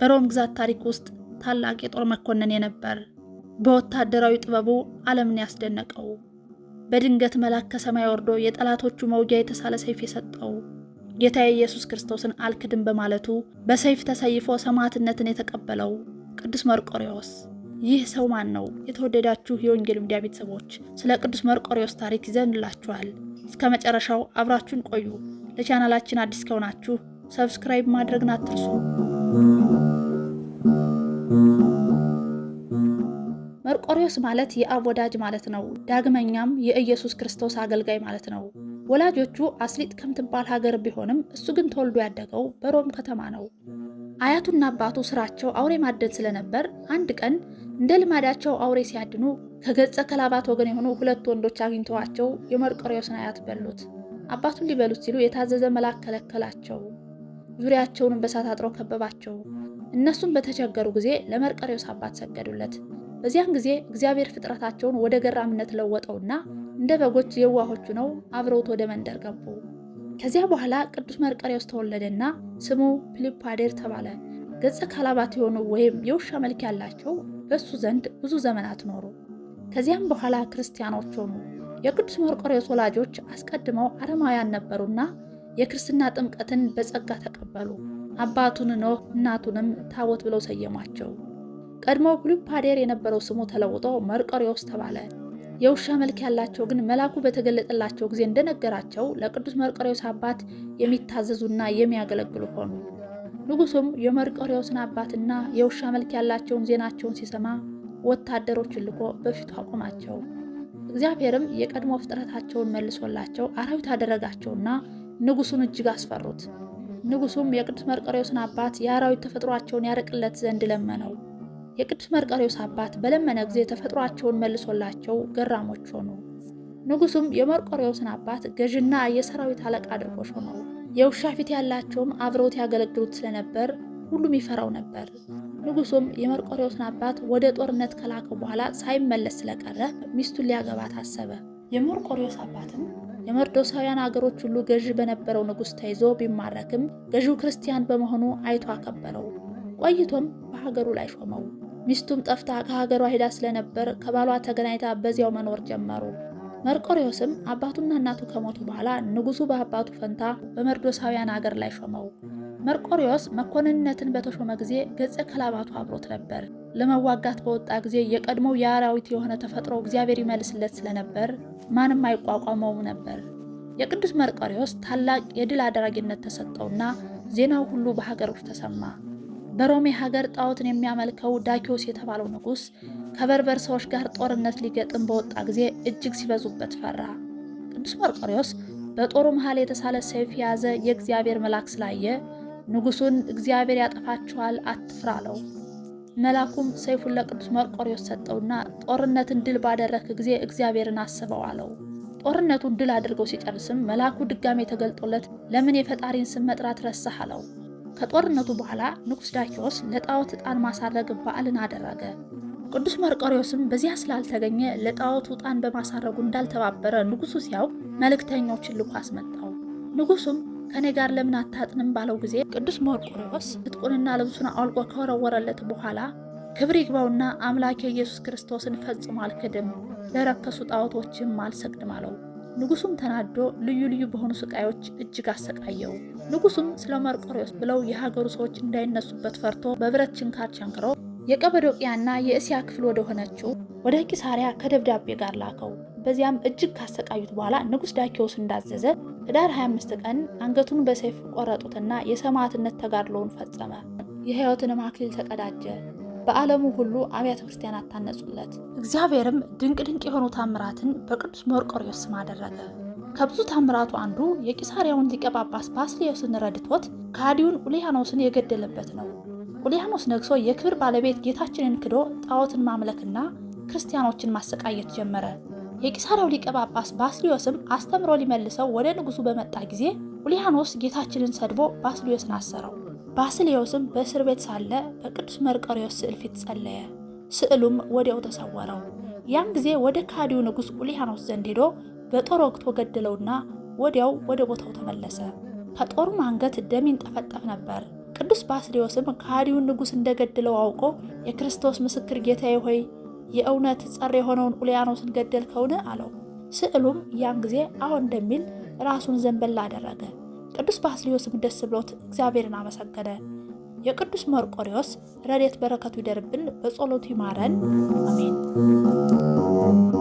በሮም ግዛት ታሪክ ውስጥ ታላቅ የጦር መኮንን የነበር በወታደራዊ ጥበቡ ዓለምን ያስደነቀው በድንገት መልአክ ከሰማይ ወርዶ የጠላቶቹ መውጊያ የተሳለ ሰይፍ የሰጠው ጌታ ኢየሱስ ክርስቶስን አልክድም በማለቱ በሰይፍ ተሰይፎ ሰማዕትነትን የተቀበለው ቅዱስ መርቆሪዎስ። ይህ ሰው ማን ነው? የተወደዳችሁ የወንጌል ሚዲያ ቤተሰቦች ስለ ቅዱስ መርቆሪዎስ ታሪክ ይዘንላችኋል። እስከ መጨረሻው አብራችሁን ቆዩ። ለቻናላችን አዲስ ከሆናችሁ ሰብስክራይብ ማድረግን አትርሱ። መርቆሪዎስ ማለት የአብ ወዳጅ ማለት ነው። ዳግመኛም የኢየሱስ ክርስቶስ አገልጋይ ማለት ነው። ወላጆቹ አስሊጥ ከምትባል ሀገር ቢሆንም እሱ ግን ተወልዶ ያደገው በሮም ከተማ ነው። አያቱና አባቱ ስራቸው አውሬ ማደን ስለነበር አንድ ቀን እንደ ልማዳቸው አውሬ ሲያድኑ ከገጸ ከላባት ወገን የሆኑ ሁለት ወንዶች አግኝተዋቸው የመርቆሪዎስን አያት በሉት። አባቱን ሊበሉት ሲሉ የታዘዘ መልአክ ከለከላቸው። ዙሪያቸውንም በሳት አጥሮ ከበባቸው። እነሱም በተቸገሩ ጊዜ ለመርቆሬዎስ አባት ሰገዱለት። በዚያን ጊዜ እግዚአብሔር ፍጥረታቸውን ወደ ገራምነት ለወጠውና እንደ በጎች የዋሆቹ ነው አብረውት ወደ መንደር ገቡ። ከዚያ በኋላ ቅዱስ መርቆሬዎስ ተወለደና ስሙ ፒሉፓዴር ተባለ። ገጸ ካላባት የሆኑ ወይም የውሻ መልክ ያላቸው በእሱ ዘንድ ብዙ ዘመናት ኖሩ። ከዚያም በኋላ ክርስቲያኖች ሆኑ። የቅዱስ መርቆሬዎስ ወላጆች አስቀድመው አረማውያን ነበሩና የክርስትና ጥምቀትን በጸጋ ተቀበሉ። አባቱን ኖህ እናቱንም ታቦት ብለው ሰየሟቸው። ቀድሞ ብሉፓዴር የነበረው ስሙ ተለውጦ መርቆሬዎስ ተባለ። የውሻ መልክ ያላቸው ግን መልአኩ በተገለጠላቸው ጊዜ እንደነገራቸው ለቅዱስ መርቆሬዎስ አባት የሚታዘዙና የሚያገለግሉ ሆኑ። ንጉሱም የመርቆሬዎስን አባትና የውሻ መልክ ያላቸውን ዜናቸውን ሲሰማ ወታደሮችን ልኮ በፊቱ አቆማቸው። እግዚአብሔርም የቀድሞ ፍጥረታቸውን መልሶላቸው አራዊት አደረጋቸውና ንጉሱን እጅግ አስፈሩት። ንጉሱም የቅዱስ መርቆሬዎስን አባት የአራዊት ተፈጥሯቸውን ያርቅለት ዘንድ ለመነው። የቅዱስ መርቆሬዎስ አባት በለመነ ጊዜ ተፈጥሯቸውን መልሶላቸው ገራሞች ሆኑ። ንጉሱም የመርቆሬዎስን አባት ገዥና የሰራዊት አለቃ አድርጎ ሾመው። የውሻ ፊት ያላቸውም አብረውት ያገለግሉት ስለነበር ሁሉም ይፈራው ነበር። ንጉሱም የመርቆሪዎስን አባት ወደ ጦርነት ከላከ በኋላ ሳይመለስ ስለቀረ ሚስቱን ሊያገባ ታሰበ። የመርቆሪዎስ አባትም የመርዶሳውያን አገሮች ሁሉ ገዢ በነበረው ንጉሥ ተይዞ ቢማረክም ገዢው ክርስቲያን በመሆኑ አይቶ አከበረው። ቆይቶም በሀገሩ ላይ ሾመው። ሚስቱም ጠፍታ ከሀገሯ ሄዳ ስለነበር ከባሏ ተገናኝታ በዚያው መኖር ጀመሩ። መርቆሪዎስም አባቱና እናቱ ከሞቱ በኋላ ንጉሱ በአባቱ ፈንታ በመርዶሳውያን አገር ላይ ሾመው። መርቆሪዎስ መኮንንነትን በተሾመ ጊዜ ገጸ ከላባቱ አብሮት ነበር። ለመዋጋት በወጣ ጊዜ የቀድሞው የአራዊት የሆነ ተፈጥሮ እግዚአብሔር ይመልስለት ስለነበር ማንም አይቋቋመውም ነበር። የቅዱስ መርቆሪዎስ ታላቅ የድል አድራጊነት ተሰጠውና ዜናው ሁሉ በሀገር ውስጥ ተሰማ። በሮሜ ሀገር ጣዖትን የሚያመልከው ዳኪዎስ የተባለው ንጉሥ ከበርበር ሰዎች ጋር ጦርነት ሊገጥም በወጣ ጊዜ እጅግ ሲበዙበት ፈራ። ቅዱስ መርቆሪዎስ በጦሩ መሃል የተሳለ ሰይፍ የያዘ የእግዚአብሔር መልአክ ስላየ ንጉሱን እግዚአብሔር ያጠፋችኋል አትፍራ አለው። መልአኩም ሰይፉን ለቅዱስ መርቆሬዎስ ሰጠውና ጦርነትን ድል ባደረክ ጊዜ እግዚአብሔርን አስበው አለው። ጦርነቱን ድል አድርገው ሲጨርስም መልአኩ ድጋሜ ተገልጦለት ለምን የፈጣሪን ስም መጥራት ረሳህ አለው። ከጦርነቱ በኋላ ንጉሥ ዳኪዎስ ለጣዖት ዕጣን ማሳረግ በዓልን አደረገ። ቅዱስ መርቆሬዎስም በዚያ ስላልተገኘ ለጣዖት ዕጣን በማሳረጉ እንዳልተባበረ ንጉሱ ሲያውቅ መልእክተኞችን ልኮ አስመጣው። ንጉሱም ከኔ ጋር ለምን አታጥንም ባለው ጊዜ ቅዱስ መርቆሬዎስ እጥቁንና ልብሱን አውልቆ ከወረወረለት በኋላ ክብር ይግባውና አምላኬ የኢየሱስ ክርስቶስን ፈጽሞ አልክድም፣ ለረከሱ ጣዖቶችም አልሰግድም አለው። ንጉሱም ተናዶ ልዩ ልዩ በሆኑ ስቃዮች እጅግ አሰቃየው። ንጉሱም ስለ መርቆሬዎስ ብለው የሀገሩ ሰዎች እንዳይነሱበት ፈርቶ በብረት ችንካር ቸንክሮ የቀበዶቅያና የእስያ ክፍል ወደሆነችው ወደ ቂሳሪያ ከደብዳቤ ጋር ላከው። በዚያም እጅግ ካሰቃዩት በኋላ ንጉሥ ዳኪዎስ እንዳዘዘ ህዳር 25 ቀን አንገቱን በሰይፍ ቆረጡትና የሰማዕትነት ተጋድሎውን ፈጸመ። የሕይወትንም አክሊል ተቀዳጀ። በዓለሙ ሁሉ አብያተ ክርስቲያናት ታነጹለት። እግዚአብሔርም ድንቅ ድንቅ የሆኑ ታምራትን በቅዱስ መርቆሪዎስ ስም አደረገ። ከብዙ ታምራቱ አንዱ የቂሳሪያውን ሊቀ ጳጳስ ባስልዮስን ረድቶት ከሃዲውን ኡሊያኖስን የገደለበት ነው። ኡሊያኖስ ነግሶ የክብር ባለቤት ጌታችንን ክዶ ጣዖትን ማምለክና ክርስቲያኖችን ማሰቃየት ጀመረ። የቂሳራው ሊቀ ጳጳስ ባስሊዮስም አስተምሮ ሊመልሰው ወደ ንጉሱ በመጣ ጊዜ ሁሊያኖስ ጌታችንን ሰድቦ ባስሊዮስን አሰረው። ባስሊዮስም በእስር ቤት ሳለ በቅዱስ መርቆሬዎስ ስዕል ፊት ጸለየ። ስዕሉም ወዲያው ተሰወረው። ያን ጊዜ ወደ ካዲው ንጉሥ ኡሊያኖስ ዘንድ ሄዶ በጦር ወቅቶ ገደለውና ወዲያው ወደ ቦታው ተመለሰ። ከጦሩም አንገት ደም ይንጠፈጠፍ ነበር። ቅዱስ ባስሊዮስም ካዲውን ንጉሥ እንደገድለው አውቆ የክርስቶስ ምስክር ጌታዬ ሆይ የእውነት ጸር የሆነውን ኡልያኖስን ገደልከውን አለው። ስዕሉም ያን ጊዜ አዎ እንደሚል ራሱን ዘንበል አደረገ። ቅዱስ ባስሊዮስም ደስ ብሎት እግዚአብሔርን አመሰገነ። የቅዱስ መርቆሪዎስ ረዴት በረከቱ ይደርብን፣ በጸሎቱ ይማረን፣ አሜን።